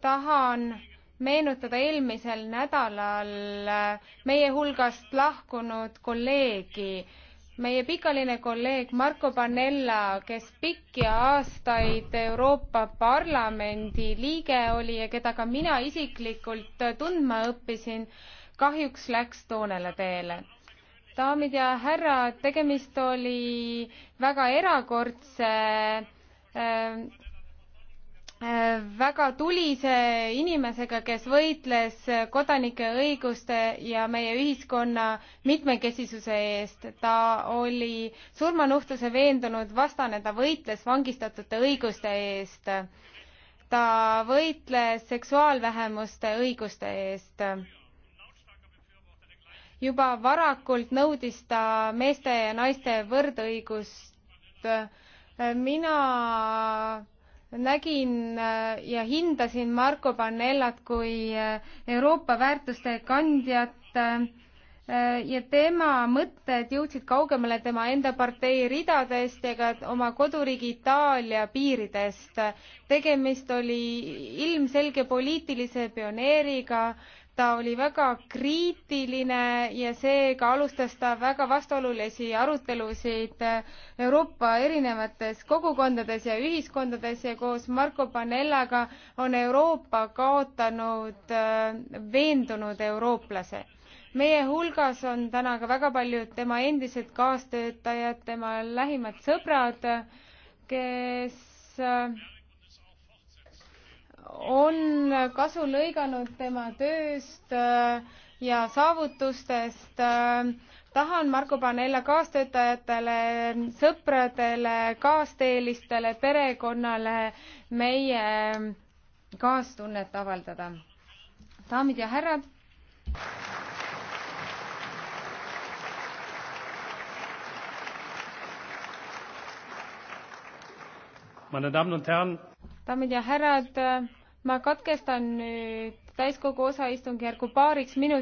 tahan meenutada eelmisel nädalal äh, meie hulgast lahkunud kolleegi, meie pikaline kolleeg Marko Pannella, kes pikki aastaid Euroopa Parlamendi liige oli ja keda ka mina isiklikult tundma õppisin, kahjuks läks toonele teele. daamid ja härrad, tegemist oli väga erakordse äh, väga tulise inimesega, kes võitles kodanike õiguste ja meie ühiskonna mitmekesisuse eest. ta oli surmanuhtluse veendunud vastane, ta võitles vangistatute õiguste eest. ta võitles seksuaalvähemuste õiguste eest. juba varakult nõudis ta meeste ja naiste võrdõigust. mina nägin äh, ja hindasin Marko Pannellat kui äh, Euroopa väärtuste kandjat äh, ja tema mõtted jõudsid kaugemale tema enda partei ridadest ja ka oma koduriigi Itaalia piiridest. tegemist oli ilmselge poliitilise pioneeriga, ta oli väga kriitiline ja seega alustas ta väga vastuolulisi arutelusid Euroopa erinevates kogukondades ja ühiskondades ja koos Marco Panellaga on Euroopa kaotanud äh, veendunud eurooplase. meie hulgas on täna ka väga paljud tema endised kaastöötajad, tema lähimad sõbrad, kes äh, kasu lõiganud tema tööst äh, ja saavutustest. Äh, tahan Marko Panella kaastöötajatele, sõpradele, kaasteelistele, perekonnale meie äh, kaastunnet avaldada. daamid ja härrad. Meine Damen und Herren. Daamid ja härrad ma katkestan nüüd täiskogu osaistungjärgu paariks minutiks.